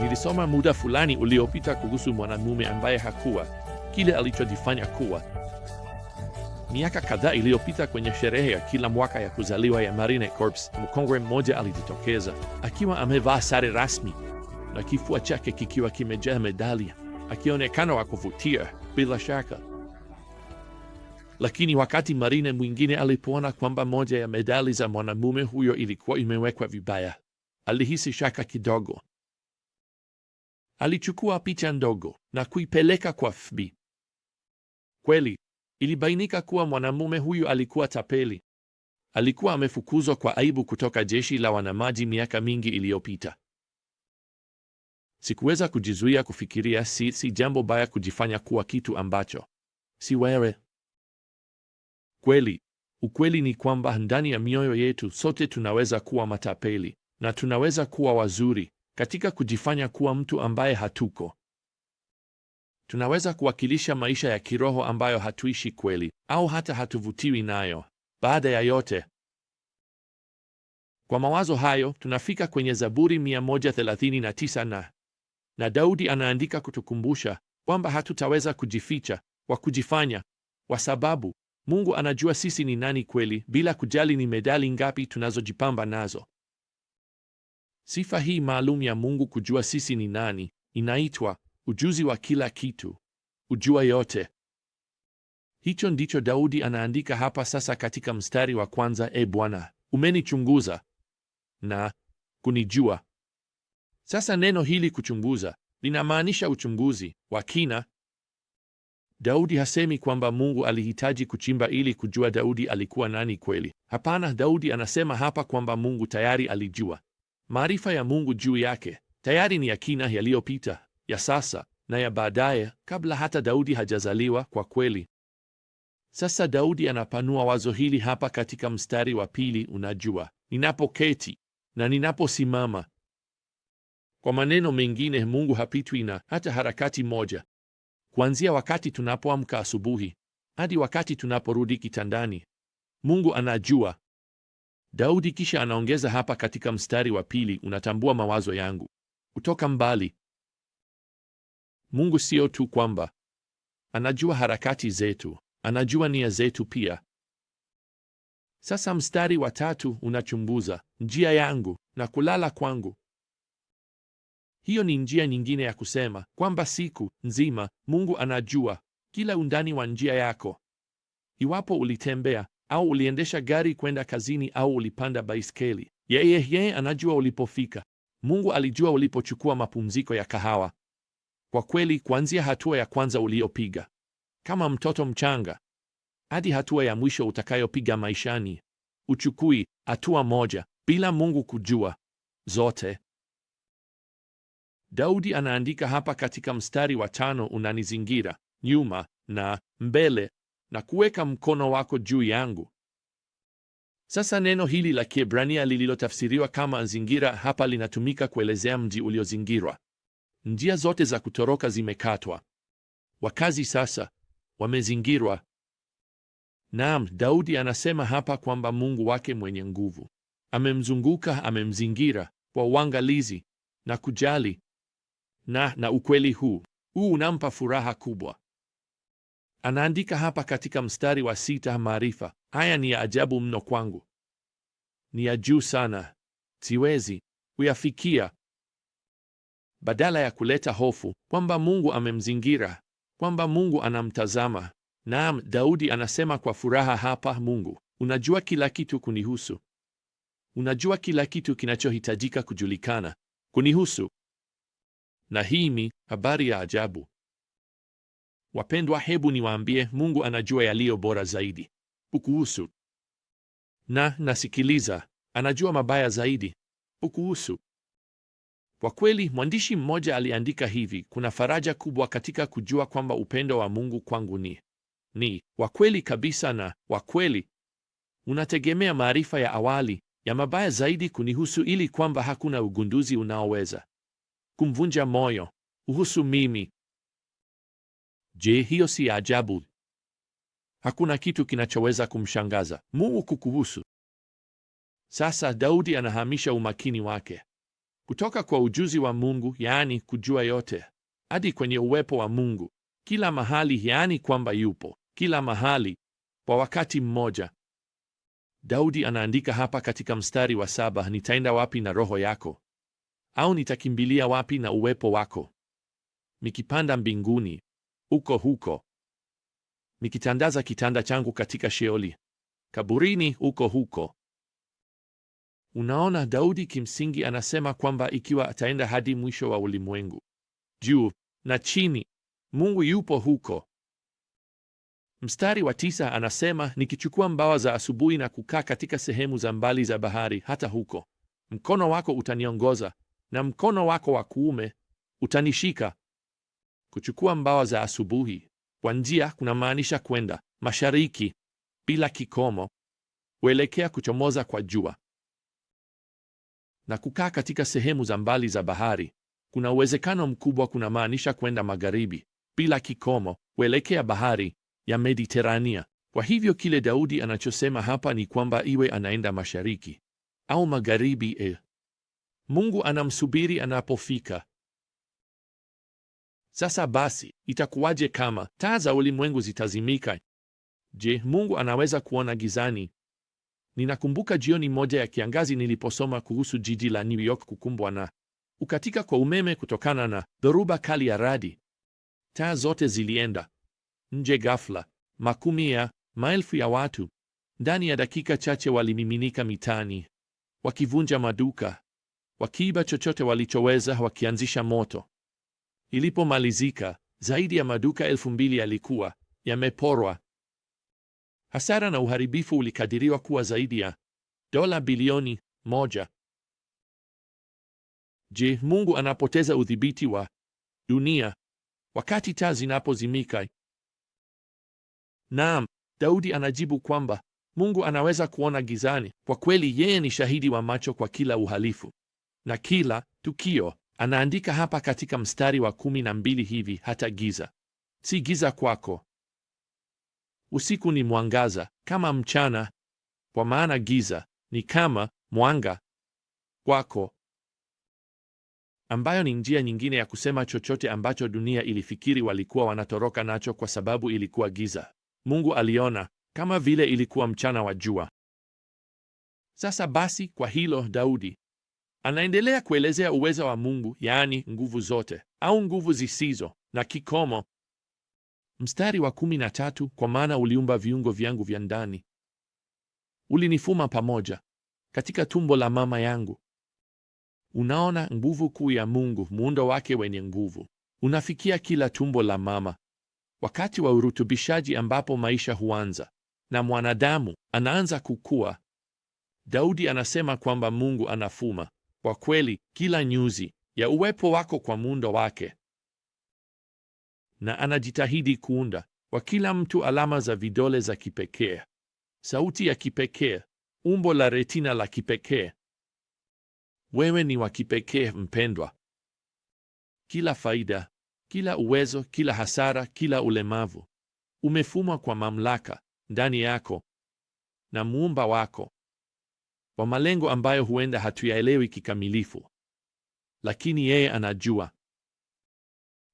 Nilisoma muda fulani uliopita kuhusu mwanamume ambaye hakuwa kile alichojifanya kuwa. Miaka kadhaa iliyopita kwenye sherehe ya kila mwaka ya kuzaliwa ya Marine Corps, mkongwe mmoja alijitokeza akiwa amevaa sare rasmi na kifua chake kikiwa kimejaa medali, akionekana wa kuvutia bila shaka. Lakini wakati marine mwingine alipoona kwamba moja ya medali za mwanamume huyo ilikuwa imewekwa vibaya, alihisi shaka kidogo alichukua picha ndogo na kuipeleka kwa FBI. Kweli ilibainika kuwa mwanamume huyu alikuwa tapeli. Alikuwa amefukuzwa kwa aibu kutoka jeshi la wanamaji miaka mingi iliyopita. Sikuweza kujizuia kufikiria, si, si jambo baya kujifanya kuwa kitu ambacho si wewe. Kweli, ukweli ni kwamba ndani ya mioyo yetu sote tunaweza kuwa matapeli na tunaweza kuwa wazuri katika kujifanya kuwa mtu ambaye hatuko. Tunaweza kuwakilisha maisha ya kiroho ambayo hatuishi kweli au hata hatuvutiwi nayo. Baada ya yote, kwa mawazo hayo tunafika kwenye Zaburi 139 na na Daudi anaandika kutukumbusha kwamba hatutaweza kujificha kwa kujifanya, kwa sababu Mungu anajua sisi ni nani kweli, bila kujali ni medali ngapi tunazojipamba nazo. Sifa hii maalum ya Mungu kujua sisi ni nani inaitwa ujuzi wa kila kitu, ujua yote. Hicho ndicho Daudi anaandika hapa sasa katika mstari wa kwanza: E Bwana, umenichunguza na kunijua. Sasa neno hili kuchunguza linamaanisha uchunguzi wa kina. Daudi hasemi kwamba Mungu alihitaji kuchimba ili kujua Daudi alikuwa nani kweli. Hapana, Daudi anasema hapa kwamba Mungu tayari alijua Maarifa ya Mungu juu yake tayari ni ya kina, yaliyopita, ya sasa na ya baadaye, kabla hata Daudi hajazaliwa kwa kweli. Sasa Daudi anapanua wazo hili hapa katika mstari wa pili: unajua ninapoketi na ninaposimama. Kwa maneno mengine, Mungu hapitwi na hata harakati moja, kuanzia wakati tunapoamka asubuhi hadi wakati tunaporudi kitandani. Mungu anajua Daudi kisha anaongeza hapa katika mstari wa pili, unatambua mawazo yangu kutoka mbali. Mungu sio tu kwamba anajua harakati zetu, anajua nia zetu pia. Sasa mstari wa tatu unachunguza njia yangu na kulala kwangu. Hiyo ni njia nyingine ya kusema kwamba siku nzima Mungu anajua kila undani wa njia yako, iwapo ulitembea au uliendesha gari kwenda kazini au ulipanda baiskeli. Yeye yeye anajua ulipofika. Mungu alijua ulipochukua mapumziko ya kahawa. Kwa kweli, kuanzia hatua ya kwanza uliyopiga kama mtoto mchanga hadi hatua ya mwisho utakayopiga maishani, uchukui hatua moja bila Mungu kujua zote. Daudi anaandika hapa katika mstari wa tano, unanizingira nyuma na mbele na kuweka mkono wako juu yangu. Sasa neno hili la Kiebrania lililotafsiriwa kama zingira hapa linatumika kuelezea mji uliozingirwa. Njia zote za kutoroka zimekatwa. Wakazi sasa wamezingirwa. Naam, Daudi anasema hapa kwamba Mungu wake mwenye nguvu amemzunguka, amemzingira kwa uangalizi na kujali, na na ukweli huu huu unampa furaha kubwa. Anaandika hapa katika mstari wa sita, maarifa haya ni ya ajabu mno kwangu, ni ya juu sana, siwezi kuyafikia. Badala ya kuleta hofu kwamba Mungu amemzingira, kwamba Mungu anamtazama. Naam, Daudi anasema kwa furaha hapa, Mungu, unajua kila kitu kunihusu, unajua kila kitu kinachohitajika kujulikana kunihusu. Na hii ni habari ya ajabu. Wapendwa, hebu niwaambie, Mungu anajua yaliyo bora zaidi ukuhusu na nasikiliza, anajua mabaya zaidi ukuhusu. Kwa kweli, mwandishi mmoja aliandika hivi: kuna faraja kubwa katika kujua kwamba upendo wa Mungu kwangu ni ni wa kweli kabisa na wa kweli unategemea maarifa ya awali ya mabaya zaidi kunihusu, ili kwamba hakuna ugunduzi unaoweza kumvunja moyo uhusu mimi. Je, hiyo si ajabu? Hakuna kitu kinachoweza kumshangaza Mungu kukuhusu. Sasa Daudi anahamisha umakini wake kutoka kwa ujuzi wa Mungu, yaani kujua yote, hadi kwenye uwepo wa Mungu kila mahali, yaani kwamba yupo kila mahali kwa wakati mmoja. Daudi anaandika hapa katika mstari wa saba, nitaenda wapi na roho yako? Au nitakimbilia wapi na uwepo wako? Nikipanda mbinguni, uko huko, nikitandaza kitanda changu katika Sheoli, kaburini uko huko. Unaona, Daudi kimsingi anasema kwamba ikiwa ataenda hadi mwisho wa ulimwengu, juu na chini, Mungu yupo huko. Mstari wa tisa anasema, nikichukua mbawa za asubuhi na kukaa katika sehemu za mbali za bahari, hata huko mkono wako utaniongoza na mkono wako wa kuume utanishika. Kuchukua mbawa za asubuhi kwa njia kunamaanisha kwenda mashariki bila kikomo kuelekea kuchomoza kwa jua. Na kukaa katika sehemu za mbali za bahari kuna uwezekano mkubwa kunamaanisha kwenda magharibi bila kikomo kuelekea bahari ya Mediterania. Kwa hivyo kile Daudi anachosema hapa ni kwamba iwe anaenda mashariki au magharibi, e, Mungu anamsubiri anapofika. Sasa basi, itakuwaje kama taa za ulimwengu zitazimika? Je, Mungu anaweza kuona gizani? Ninakumbuka jioni moja ya kiangazi niliposoma kuhusu jiji la New York kukumbwa na ukatika kwa umeme kutokana na dhoruba kali ya radi. Taa zote zilienda nje ghafla. Makumi ya maelfu ya watu ndani ya dakika chache walimiminika mitaani, wakivunja maduka, wakiiba chochote walichoweza, wakianzisha moto. Ilipomalizika, zaidi ya maduka elfu mbili yalikuwa yameporwa. Hasara na uharibifu ulikadiriwa kuwa zaidi ya dola bilioni moja. Je, Mungu anapoteza udhibiti wa dunia wakati taa zinapozimika? Naam, Daudi anajibu kwamba Mungu anaweza kuona gizani. Kwa kweli, yeye ni shahidi wa macho kwa kila uhalifu na kila tukio. Anaandika hapa katika mstari wa kumi na mbili hivi, hata giza si giza kwako, usiku ni mwangaza kama mchana, kwa maana giza ni kama mwanga kwako, ambayo ni njia nyingine ya kusema chochote ambacho dunia ilifikiri walikuwa wanatoroka nacho kwa sababu ilikuwa giza, Mungu aliona kama vile ilikuwa mchana wa jua. Sasa basi, kwa hilo Daudi Anaendelea kuelezea uweza wa Mungu, yaani nguvu zote au nguvu zisizo na kikomo. Mstari wa kumi na tatu, kwa maana uliumba viungo vyangu vya ndani, ulinifuma pamoja katika tumbo la mama yangu. Unaona nguvu kuu ya Mungu, muundo wake wenye nguvu unafikia kila tumbo la mama, wakati wa urutubishaji ambapo maisha huanza na mwanadamu anaanza kukua. Daudi anasema kwamba Mungu anafuma kwa kweli kila nyuzi ya uwepo wako kwa muundo wake, na anajitahidi kuunda kwa kila mtu alama za vidole za kipekee, sauti ya kipekee, umbo la retina la kipekee. Wewe ni wa kipekee mpendwa. Kila faida, kila uwezo, kila hasara, kila ulemavu umefumwa kwa mamlaka ndani yako na muumba wako kwa malengo ambayo huenda hatuyaelewi kikamilifu, lakini yeye anajua.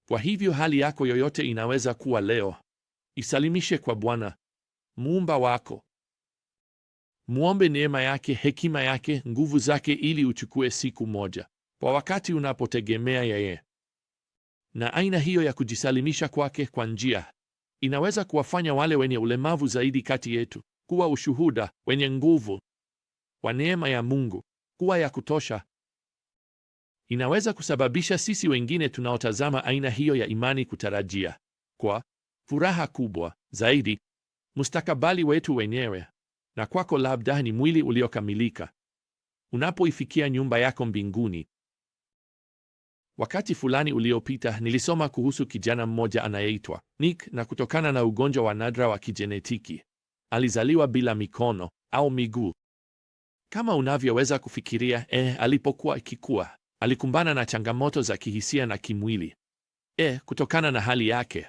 Kwa hivyo hali yako yoyote inaweza kuwa leo, isalimishe kwa Bwana muumba wako, muombe neema yake, hekima yake, nguvu zake, ili uchukue siku moja kwa wakati unapotegemea yeye. Na aina hiyo ya kujisalimisha kwake kwa njia inaweza kuwafanya wale wenye ulemavu zaidi kati yetu kuwa ushuhuda wenye nguvu kwa neema ya Mungu kuwa ya kutosha inaweza kusababisha sisi wengine tunaotazama aina hiyo ya imani kutarajia kwa furaha kubwa zaidi mustakabali wetu wenyewe na kwako labda ni mwili uliokamilika unapoifikia nyumba yako mbinguni. Wakati fulani uliopita nilisoma kuhusu kijana mmoja anayeitwa Nick, na kutokana na ugonjwa wa nadra wa kijenetiki alizaliwa bila mikono au miguu kama unavyoweza kufikiria, eh, alipokuwa akikuwa alikumbana na changamoto za kihisia na kimwili eh, kutokana na hali yake.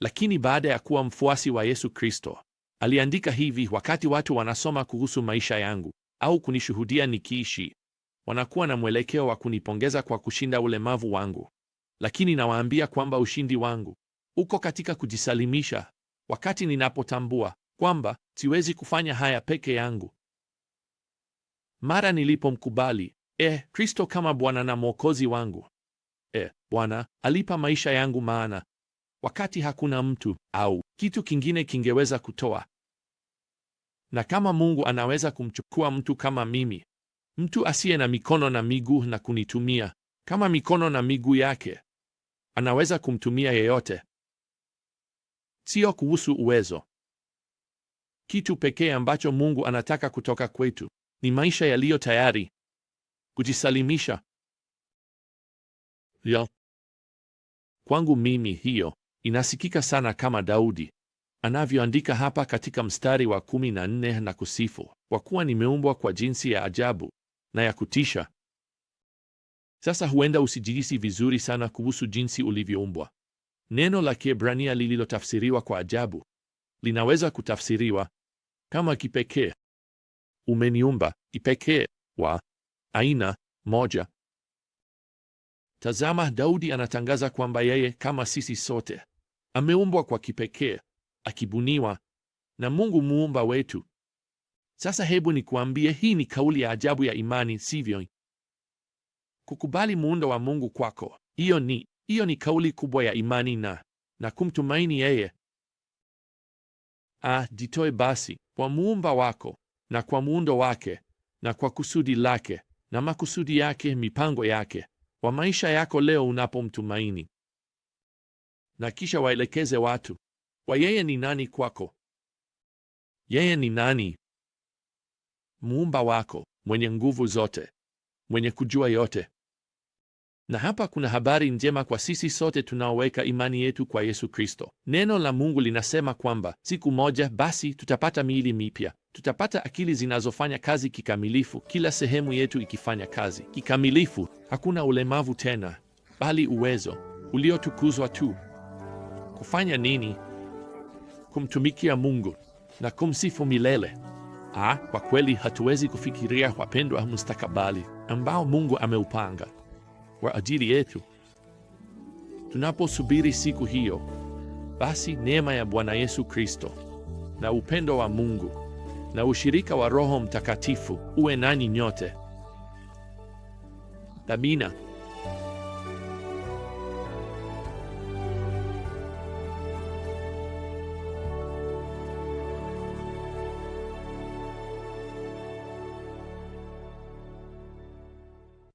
Lakini baada ya kuwa mfuasi wa Yesu Kristo, aliandika hivi: wakati watu wanasoma kuhusu maisha yangu au kunishuhudia nikiishi, wanakuwa na mwelekeo wa kunipongeza kwa kushinda ulemavu wangu, lakini nawaambia kwamba ushindi wangu uko katika kujisalimisha, wakati ninapotambua kwamba siwezi kufanya haya peke yangu mara nilipomkubali eh, Kristo kama Bwana na Mwokozi wangu, eh, Bwana alipa maisha yangu maana, wakati hakuna mtu au kitu kingine kingeweza kutoa. Na kama Mungu anaweza kumchukua mtu kama mimi, mtu asiye na mikono na miguu, na kunitumia kama mikono na miguu yake, anaweza kumtumia yeyote. Sio kuhusu uwezo. Kitu pekee ambacho Mungu anataka kutoka kwetu ni maisha yaliyo tayari kujisalimisha ya kwangu mimi. Hiyo inasikika sana kama Daudi anavyoandika hapa katika mstari wa kumi na nne na kusifu, kwa kuwa nimeumbwa kwa jinsi ya ajabu na ya kutisha. Sasa huenda usijihisi vizuri sana kuhusu jinsi ulivyoumbwa. Neno la Kiebrania lililotafsiriwa kwa ajabu linaweza kutafsiriwa kama kipekee umeniumba ipekee wa aina moja. Tazama, Daudi anatangaza kwamba yeye kama sisi sote ameumbwa kwa kipekee, akibuniwa na Mungu muumba wetu. Sasa hebu nikuambie, hii ni kauli ya ajabu ya imani, sivyo? Kukubali muundo wa Mungu kwako, hiyo ni hiyo ni kauli kubwa ya imani na na kumtumaini yeye. Ah, jitoe basi kwa muumba wako na kwa muundo wake na kwa kusudi lake na makusudi yake, mipango yake kwa maisha yako leo unapomtumaini. Na kisha waelekeze watu kwa yeye ni nani kwako. Yeye ni nani? Muumba wako mwenye nguvu zote, mwenye kujua yote, na hapa kuna habari njema kwa sisi sote tunaoweka imani yetu kwa Yesu Kristo. Neno la Mungu linasema kwamba siku moja basi tutapata miili mipya, tutapata akili zinazofanya kazi kikamilifu, kila sehemu yetu ikifanya kazi kikamilifu. Hakuna ulemavu tena, bali uwezo uliotukuzwa tu. Kufanya nini? Kumtumikia Mungu na kumsifu milele. Ah, kwa kweli hatuwezi kufikiria, wapendwa, mustakabali ambao Mungu ameupanga kwa ajili yetu. Tunaposubiri siku hiyo, basi neema ya Bwana Yesu Kristo na upendo wa Mungu na ushirika wa Roho Mtakatifu uwe nani nyote. Amina.